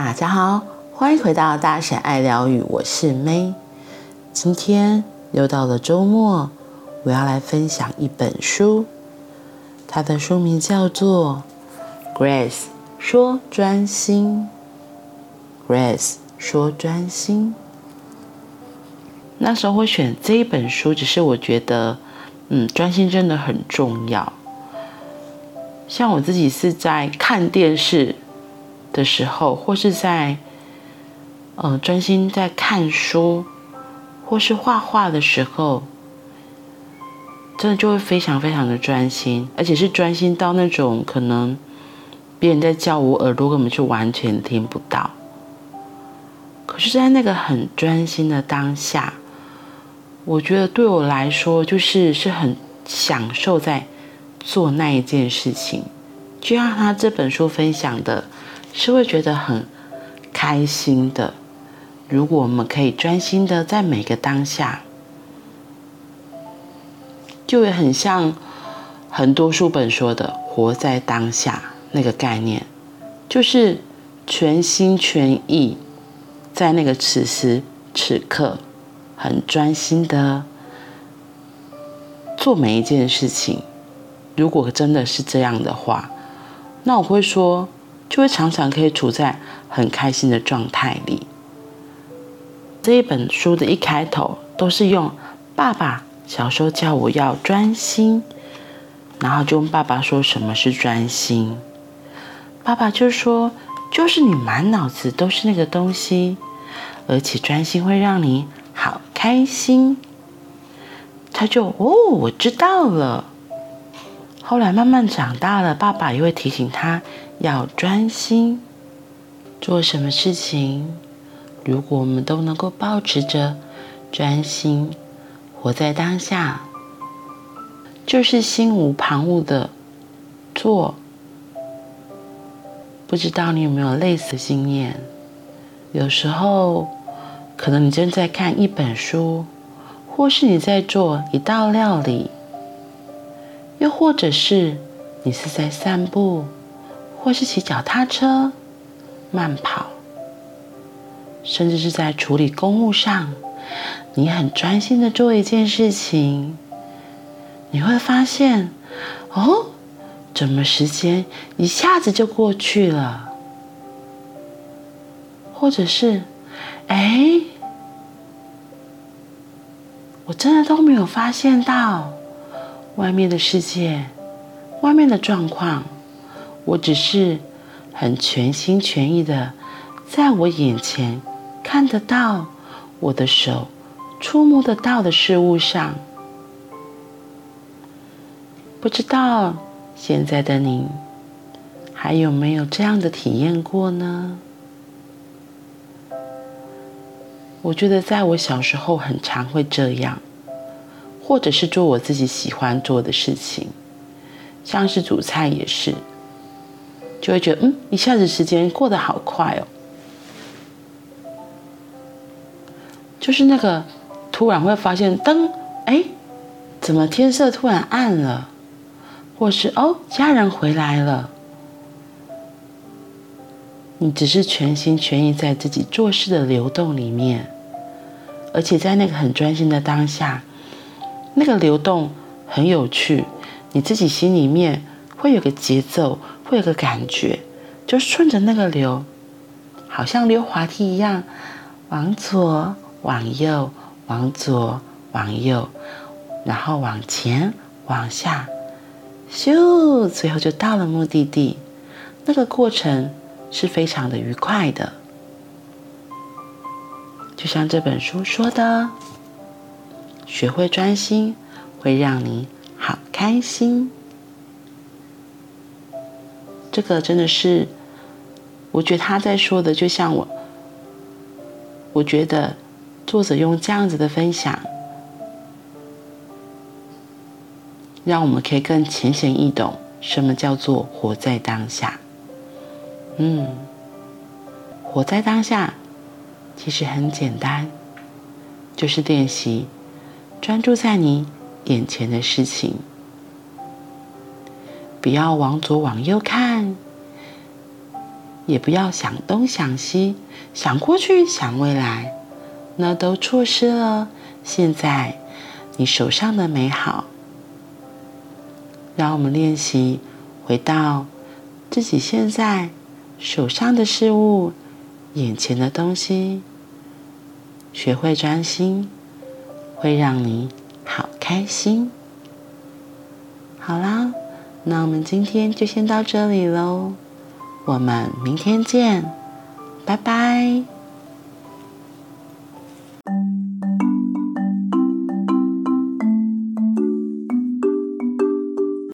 大家好，歡迎回到大神愛療癒，我是 May。今天又到了周末，我要來分享一本書，它的書名叫做《Grace 說專心》。Grace 說專心。那時候我選這一本書，只是我覺得，嗯，專心真的很重要。像我自己是在看電視的時候，或是在，呃，專心在看書，或是畫畫的時候，真的就會非常非常的專心，而且是專心到那種可能，別人在叫我，耳朵根本就完全聽不到。可是，在那個很專心的當下，我覺得對我來說，就是是很享受在做那一件事情，就像他這本書分享的，是會覺得很開心的。如果我們可以專心的在每個當下，就會很像很多書本說的“活在當下”那個概念，就是全心全意在那個此時此刻，很專心的做每一件事情。如果真的是這樣的話，那我會說。就會常常可以處在很開心的狀態裡。這一本書的一開頭都是用爸爸小時候叫我要專心，然後就問爸爸說什麼是專心，爸爸就說就是你滿腦子都是那個東西，而且專心會讓你好開心。他就哦，我知道了。後來慢慢長大了，爸爸又會提醒他要專心做什麼事情。如果我們都能夠保持着專心，活在當下，就是心無旁騖的做。不知道你有沒有類似經驗？有時候，可能你正在看一本書，或是你在做一道料理。又或者是你是在散步，或是騎腳踏車、慢跑，甚至是在處理公務上，你很專心的做一件事情，你會發現，哦，怎麼時間一下子就過去了？或者是，哎、欸，我真的都沒有發現到。外面的世界，外面的狀況，我只是很全心全意的，在我眼前看得到，我的手觸摸得到的事物上。不知道現在的你還有沒有這樣的體驗過呢？我覺得在我小時候很常會這樣。或者是做我自己喜歡做的事情，像是煮菜也是，就會覺得嗯，一下子時間過得好快哦。就是那個突然會發現，燈哎，怎麼天色突然暗了，或是哦家人回來了，你只是全心全意在自己做事的流動裡面，而且在那個很專心的當下。那個流動很有趣，你自己心裡面會有個節奏，會有個感覺，就順着那個流，好像溜滑梯一樣，往左往右，往左往右，然後往前往下，咻，最後就到了目的地。那個過程是非常的愉快的，就像這本書說的。學會專心，會讓你好開心。這個真的是，我覺得他在說的，就像我，我覺得作者用這樣子的分享，讓我們可以更淺顯易懂，什麼叫做活在當下。嗯，活在當下其實很簡單，就是練習。專注在你眼前的事情，不要往左往右看，也不要想東想西，想過去想未來，那都錯失了現在你手上的美好。讓我們練習回到自己現在手上的事物、眼前的東西，學會專心，會讓你好開心。好啦，那我們今天就先到這裡嘍。我們明天見，拜拜。